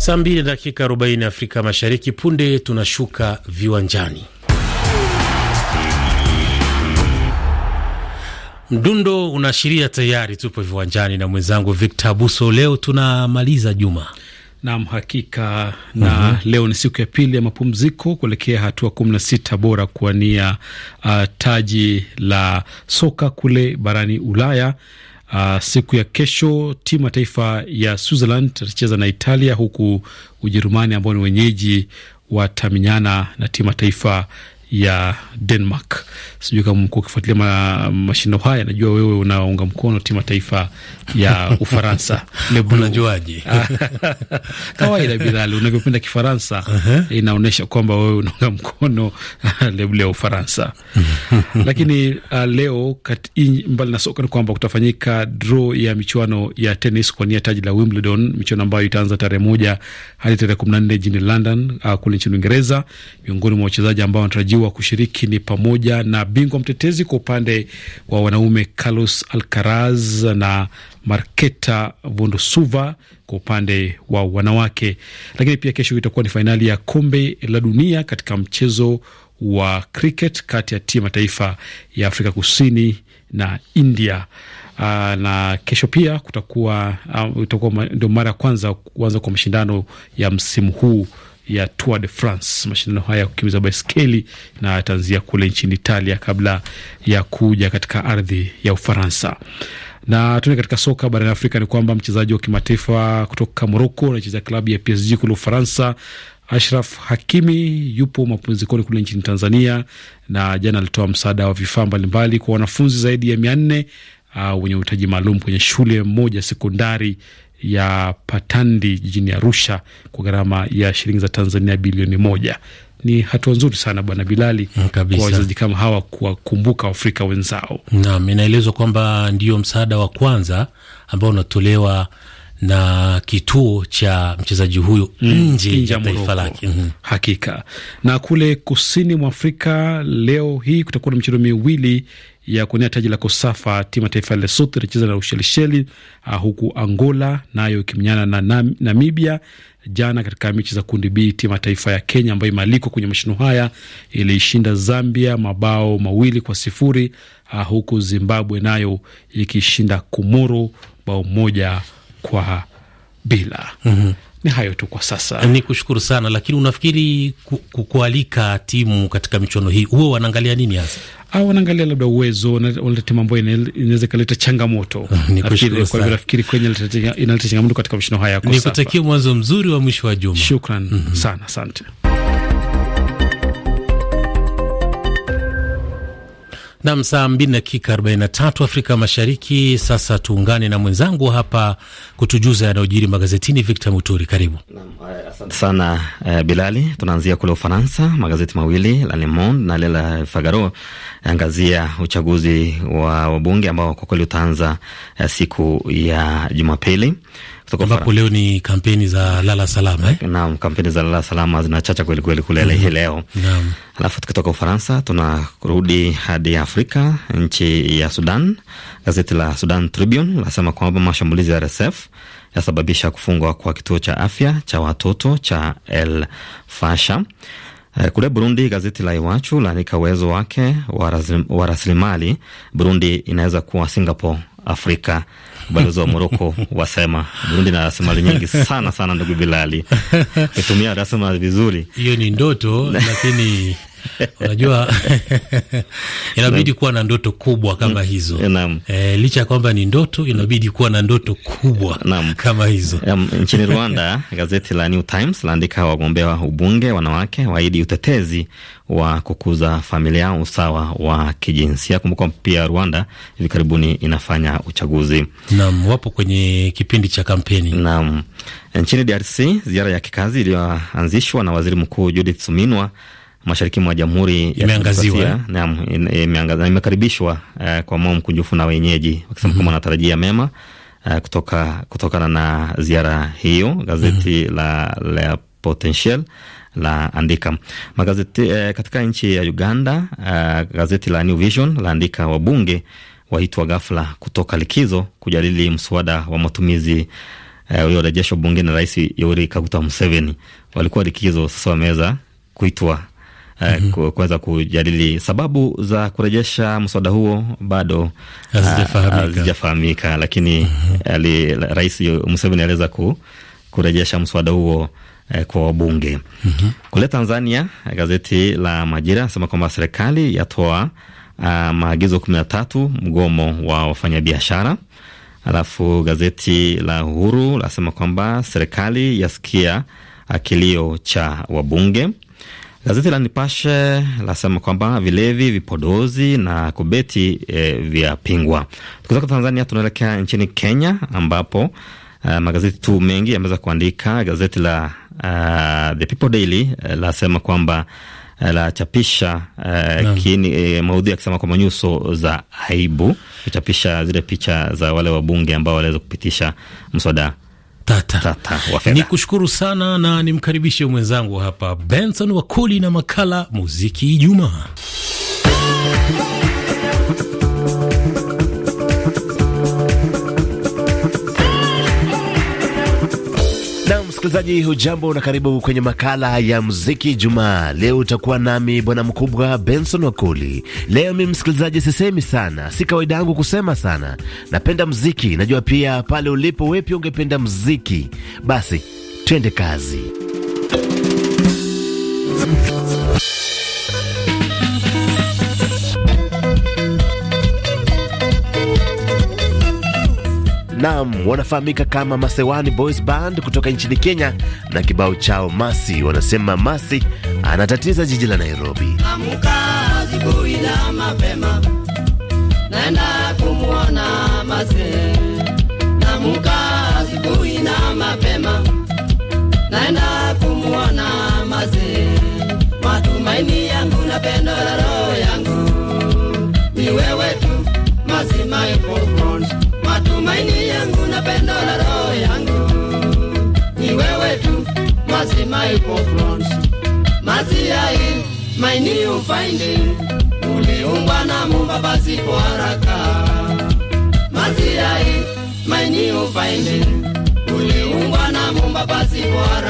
Saa mbili dakika arobaini Afrika Mashariki. Punde tunashuka viwanjani. Mdundo unaashiria tayari tupo viwanjani na mwenzangu Victor Abuso. Leo tunamaliza juma Nam, hakika mhm. na mm -hmm. Leo ni siku ya pili ya mapumziko kuelekea hatua kumi na sita bora kuwania uh, taji la soka kule barani Ulaya Uh, siku ya kesho timu ya taifa ya Switzerland itacheza na Italia, huku Ujerumani ambao ni wenyeji watamenyana na timu ya taifa ya Denmark. Sijui kama mkuu ukifuatilia ma, mashindano haya, najua wewe unaunga mkono timu taifa ya Ufaransa. Unajuaje? Kawaida Bilali, unavyopenda Kifaransa uh -huh. inaonyesha kwamba wewe unaunga mkono leble ya Ufaransa. Lakini uh, leo kati, mbali na soka ni kwamba kutafanyika draw ya michuano ya tenis kwa nia taji la Wimbledon, michuano ambayo itaanza tarehe moja hadi tarehe kumi na nne jijini London, uh, kule nchini Uingereza. Miongoni mwa wachezaji ambao wanatarajiwa watarajiwa kushiriki ni pamoja na bingwa mtetezi kwa upande wa wanaume Carlos Alcaraz na Marketa Vondosuva kwa upande wa wanawake. Lakini pia kesho itakuwa ni fainali ya kombe la dunia katika mchezo wa cricket kati ya timu mataifa ya Afrika Kusini na India. Aa, ah, na kesho pia kutakuwa ah, itakuwa ndio mara ya kwanza kuanza kwa mashindano ya msimu huu ya Tour de France. Mashindano haya ya kukimbiza baiskeli na yataanzia kule nchini Italia kabla ya kuja katika ardhi ya Ufaransa. Na tuende katika soka barani Afrika, ni kwamba mchezaji wa kimataifa kutoka Moroko anachezea klabu ya PSG kule Ufaransa, Ashraf Hakimi yupo mapumzikoni kule nchini Tanzania, na jana alitoa msaada wa vifaa mbalimbali kwa wanafunzi zaidi ya mia nne uh, wenye uhitaji maalum kwenye shule moja sekondari ya Patandi jijini Arusha kwa gharama ya shilingi za Tanzania bilioni moja. Ni hatua nzuri sana Bwana Bilali, mm, kwa wachezaji kama hawa kuwakumbuka Waafrika wenzao. Naam, inaelezwa kwamba ndio msaada wa kwanza ambao unatolewa na kituo cha mchezaji huyu mm, nje ya taifa lake mm -hmm. Hakika. Na kule kusini mwa Afrika leo hii kutakuwa na michezo miwili ya kuonea taji la Kosafa, timu ya taifa ya Lesotho itacheza na Ushelisheli, uh, huku Angola nayo na ikiminyana na, Namibia. Jana katika mechi za kundi B, timu ya taifa ya Kenya ambayo imealikwa kwenye mashino haya iliishinda Zambia mabao mawili kwa sifuri, uh, huku Zimbabwe nayo ikishinda kumoro bao moja kwa bila. mm -hmm. Ni hayo tu kwa sasa. Ni kushukuru sana. Lakini unafikiri kukualika timu katika michuano hii huo wanaangalia nini hasa? au ah, wanaangalia labda uwezo na timu ambayo inaweza ikaleta changamoto. Ah, nafikiri kwenye inaleta changamoto katika mashindano haya. Nikutakia mwanzo mzuri wa mwisho wa juma. Shukran mm -hmm. sana, asante. Nam, saa mbili dakika 43 Afrika Mashariki. Sasa tuungane na mwenzangu hapa kutujuza yanayojiri magazetini. Victor Muturi, karibu. Asante sana eh, Bilali. Tunaanzia kule Ufaransa, magazeti mawili la Le Monde na lile la Figaro angazia uchaguzi wa wabunge ambao kwa kweli utaanza eh, siku ya Jumapili ambapo leo ni kampeni za lala salama eh? Naam, kampeni za lala salama zinachacha kweli kweli kule mm -hmm. Leo naam. Alafu tukitoka Ufaransa tunarudi hadi Afrika, nchi ya Sudan. Gazeti la Sudan Tribune lasema kwamba mashambulizi ya RSF yasababisha kufungwa kwa kituo cha afya cha watoto cha El Fasha. Eh, kule Burundi, gazeti la Iwachu laandika uwezo wake wa rasilimali, Burundi inaweza kuwa Singapore Afrika. Balozi wa Moroko wasema Burundi na rasilimali nyingi sana sana, ndugu Bilali, kutumia rasilimali vizuri. Hiyo ni ndoto lakini unajua inabidi kuwa na ndoto kubwa kama mm. hizo e, licha ya kwamba ni ndoto, inabidi kuwa na ndoto kubwa Naam. kama hizo nchini Rwanda gazeti la New Times laandika wagombea wa ubunge wanawake waahidi utetezi wa kukuza familia, usawa wa kijinsia. Kumbuka pia Rwanda hivi karibuni inafanya uchaguzi. Naam, wapo kwenye kipindi cha kampeni. Naam, nchini DRC ziara ya kikazi iliyoanzishwa na waziri mkuu Judith Suminwa mashariki mwa Jamhuri ya Imeangaziwa, naam, imekaribishwa uh, kwa moyo mkunjufu na wenyeji wakisema kwamba mhm. wanatarajia mema uh, kutoka kutokana na ziara hiyo. Gazeti mm -hmm. la, la Potential la andika magazeti eh, katika nchi ya Uganda uh, gazeti la New Vision laandika wabunge waitwa ghafla kutoka likizo kujadili mswada wa matumizi uliorejeshwa uh, bungeni na Rais Yoweri Kaguta Museveni. Walikuwa likizo, sasa wameweza kuitwa mm -hmm. kuweza kujadili sababu za kurejesha mswada huo bado eh, hazijafahamika, lakini mm -hmm. Eh, ali, Rais Museveni aliweza ku, kurejesha mswada huo kwa wabunge mm -hmm. Kule Tanzania, gazeti la Majira anasema kwamba serikali yatoa uh, maagizo kumi na tatu mgomo wa wafanyabiashara. Alafu gazeti la Uhuru lasema kwamba serikali yasikia kilio cha wabunge. Gazeti la Nipashe lasema kwamba vilevi, vipodozi na kubeti e, vyapingwa. Tukitoka Tanzania tunaelekea nchini Kenya ambapo Uh, magazeti tu mengi yameweza kuandika. Gazeti la uh, The People Daily uh, lasema kwamba uh, lachapisha uh, uh, maudhui yakisema kwamba nyuso za aibu, kuchapisha zile picha za wale wabunge ambao waliweza kupitisha mswada tata, tata ni kushukuru sana na nimkaribishe mwenzangu hapa Benson Wakoli na makala muziki Ijumaa. Msikilizaji hujambo na karibu kwenye makala ya muziki Jumaa. Leo utakuwa nami bwana mkubwa Benson Wakoli. Leo mi msikilizaji, sisemi sana, si kawaida yangu kusema sana. Napenda muziki, najua pia pale ulipo wewe pia ungependa muziki. Basi twende kazi. nam wanafahamika kama Masewani Boys Band kutoka nchini Kenya na kibao chao Masi. Wanasema Masi anatatiza jiji la Nairobi. Amka asubuhi na mapema, naenda kumwona Amka asubuhi na mapema, naenda kumwona Matumaini yangu na pendo la roho yangu ni wewe tu, Masi my tumaini yangu na pendo la roho yangu ni wewe tu mazi my problems mazi ai my new finding uliumbwa na Mungu basi kwa haraka mazi ai my new finding uliumbwa na Mungu basi kwa haraka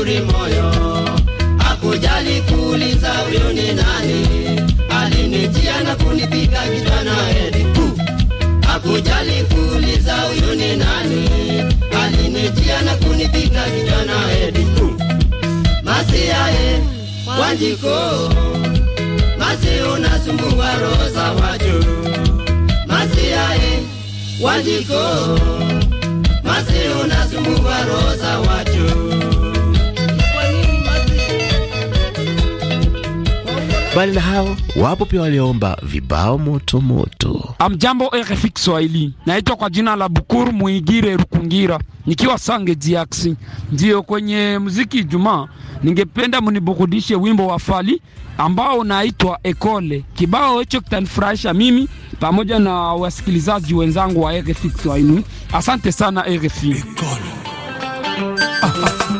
nzuri moyo, akujali kuuliza huyu ni nani, alinitia na kunipiga kitana hedi Akujali kuuliza huyu ni nani, alinitia na kunipiga kijana hedi Masia e Wanjiko, Masi unasumbua roho za watu. Masia e Wanjiko, Masi unasumbua roho za watu. Mbali na hao, wapo pia waliomba vibao moto moto. Amjambo RFI Kiswahili, naitwa kwa jina la Bukuru Muigire Rukungira nikiwa Sange Jiaksi. ndio kwenye muziki Ijumaa ningependa mniburudishe wimbo wa Fali ambao unaitwa Ekole. Kibao hicho kitanifurahisha mimi pamoja na wasikilizaji wenzangu wa RFI Kiswahili. Asante sana RFI Ekole. Ah, ah.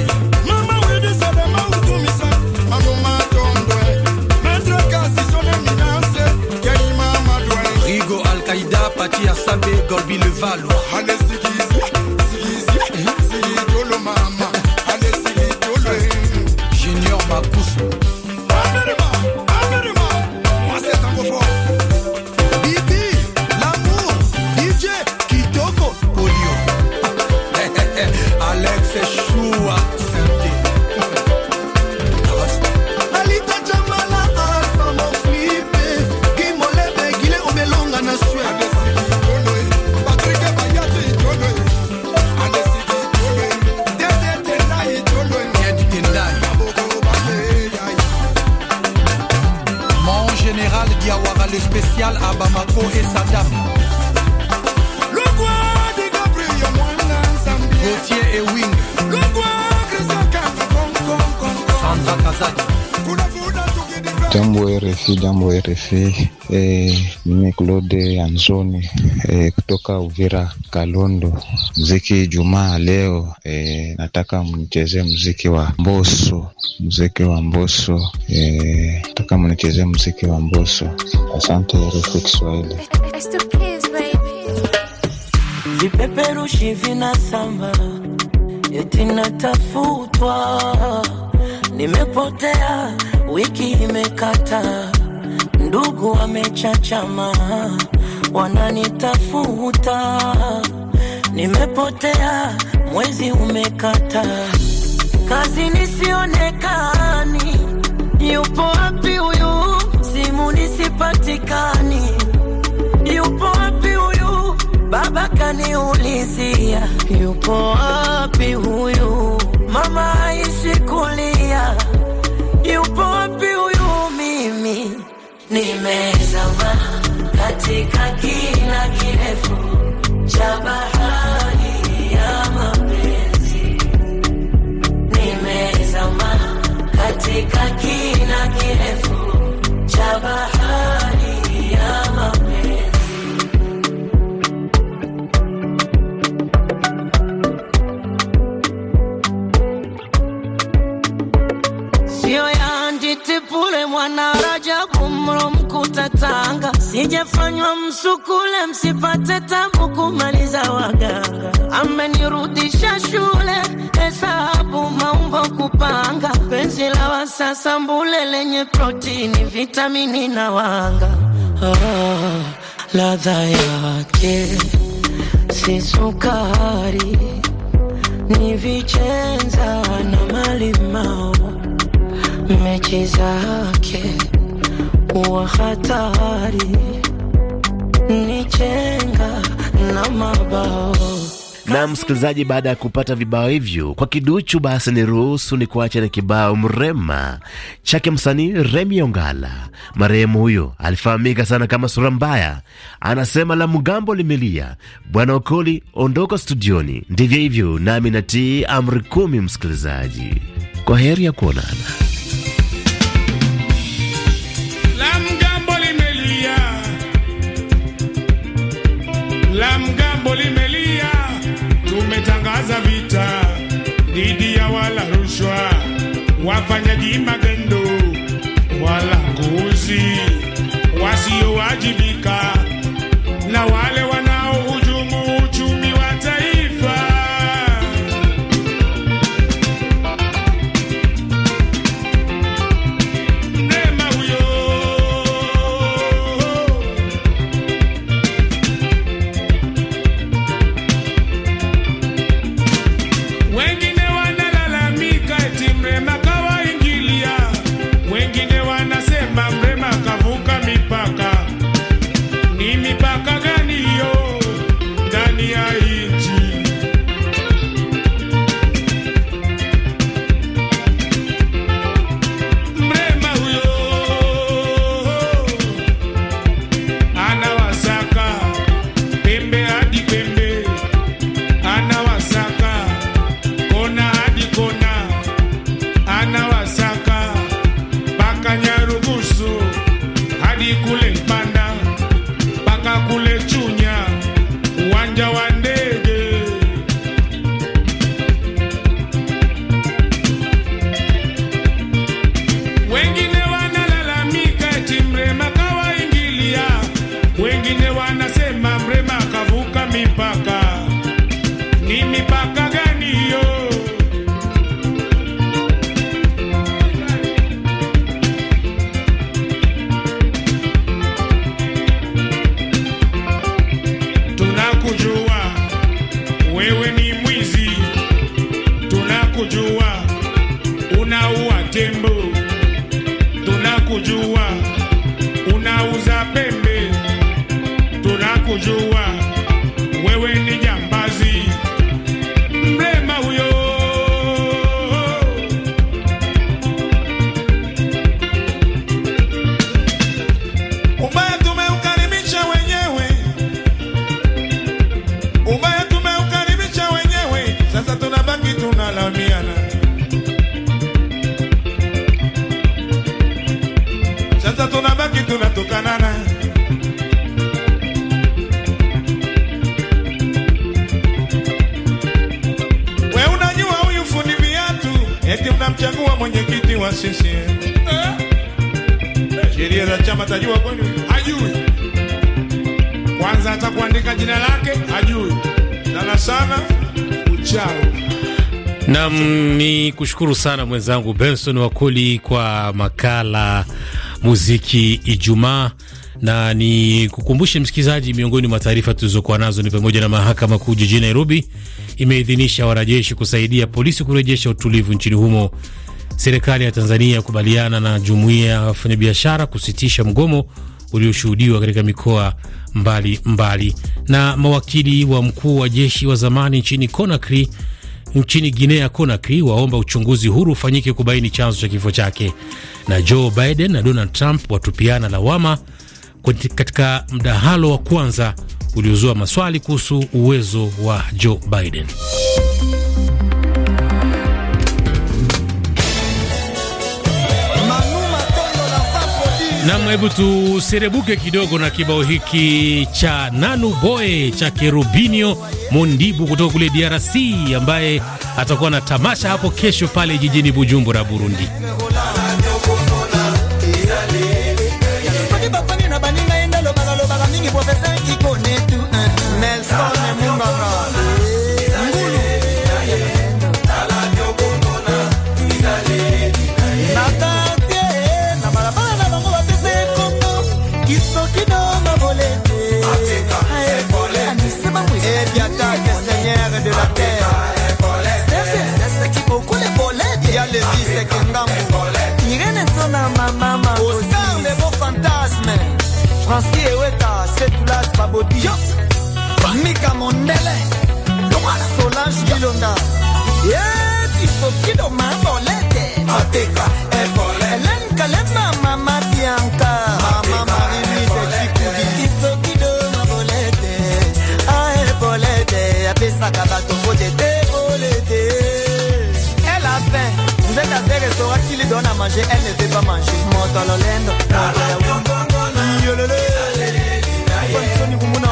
Diawara le spécial, Abamako et et Wing. Sandra Jambo RFI, jambo RFI. E, eh, mimi Claude Anzoni e, kutoka Uvira Kalondo. Mziki Jumaa leo e, nataka mnichezee mziki wa Mboso, mziki wa Mboso e, nataka mnichezee mziki wa Mboso. Asante RFI Kiswahili. Vipeperushi vinasamba eti natafutwa, nimepotea wiki imekata, ndugu wamechachama, wananitafuta, nimepotea, mwezi umekata, kazi nisionekani, yupo wapi huyu? Simu nisipatikani, yupo wapi huyu? Baba kaniulizia, yupo wapi huyu? Mama aishi kulia yupo wapi huyu? Mimi nimezama katika kina kirefu cha bahari ya mapenzi, nimezama katika kina kupata tanga, sijafanywa msukule, msipate tabu kumaliza waganga. Amenirudisha shule, hesabu, maumbo, kupanga, penzi la wasasa, mbule lenye protini, vitamini na wanga. Oh, ladha yake si sukari, ni vichenza na malimao, mechi zake wa hatari nichenga na mabao na msikilizaji, baada ya kupata vibao hivyo kwa kiduchu, basi ni ruhusu ni kuacha na kibao mrema chake msanii Remi Ongala. Marehemu huyo alifahamika sana kama sura mbaya, anasema la mgambo limelia, bwana Okoli ondoka studioni. Ndivyo hivyo, nami natii amri kumi. Msikilizaji, kwa heri ya kuonana. di magendo, wala kuuzi wasiowajibika Nam ni kushukuru sana mwenzangu Benson Wakoli kwa makala muziki Ijumaa, na ni kukumbushe msikilizaji, miongoni mwa taarifa tulizokuwa nazo ni pamoja na mahakama kuu jijini Nairobi imeidhinisha wanajeshi kusaidia polisi kurejesha utulivu nchini humo. Serikali ya Tanzania kubaliana na jumuiya ya wafanyabiashara kusitisha mgomo ulioshuhudiwa katika mikoa mbalimbali mbali. Na mawakili wa mkuu wa jeshi wa zamani nchini Conakry nchini Guinea Conakry waomba uchunguzi huru ufanyike kubaini chanzo cha kifo chake. Na Joe Biden na Donald Trump watupiana lawama katika mdahalo wa kwanza uliozua maswali kuhusu uwezo wa Joe Biden. Nam, hebu tuserebuke kidogo na kibao hiki cha Nanu Boy cha Kerubinio Mondibu kutoka kule DRC ambaye atakuwa na tamasha hapo kesho pale jijini Bujumbura, Burundi. bodio mika mondele solange bilonda yebisokido mabolete ateka ebole elen kalema mama bianka mama marinisekikudi isokido mabolete a ebolete apesaka bato vote te bolete elafin vous êtes assez restaurant qui lui donne à manger elle ne fait pas manger moto lolendo moto ya wongo yolele Samsoni kumuna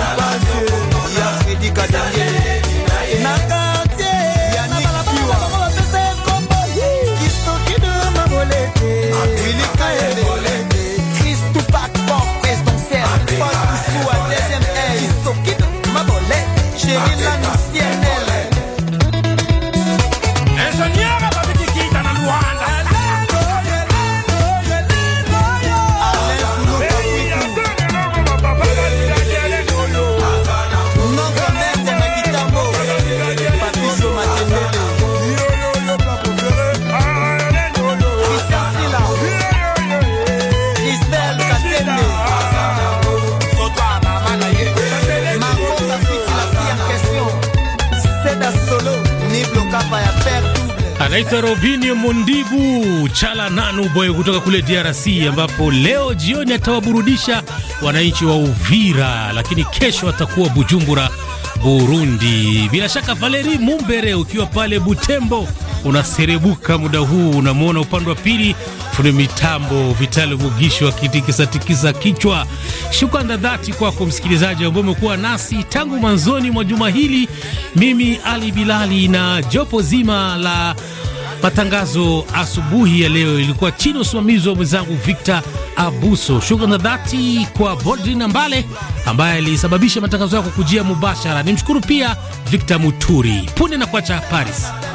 anaitwa Robin Mundibu Chala Nanu Boy kutoka kule DRC, ambapo leo jioni atawaburudisha wananchi wa Uvira, lakini kesho atakuwa Bujumbura, Burundi. Bila shaka Valeri Mumbere, ukiwa pale Butembo unaserebuka muda huu, unamwona upande wa pili fune mitambo Vitali Mugisho akitikisatikisa kichwa. za dhati kwako msikilizaji ambao umekuwa nasi tangu mwanzoni mwa juma hili. Mimi Ali Bilali na jopo zima la Matangazo asubuhi ya leo ilikuwa chini ya usimamizi wa mwenzangu Victor Abuso. Shukrani na dhati kwa Bodrin Ambale ambaye alisababisha matangazo yako kujia mubashara. Nimshukuru pia Victor Muturi punde na kuacha Paris.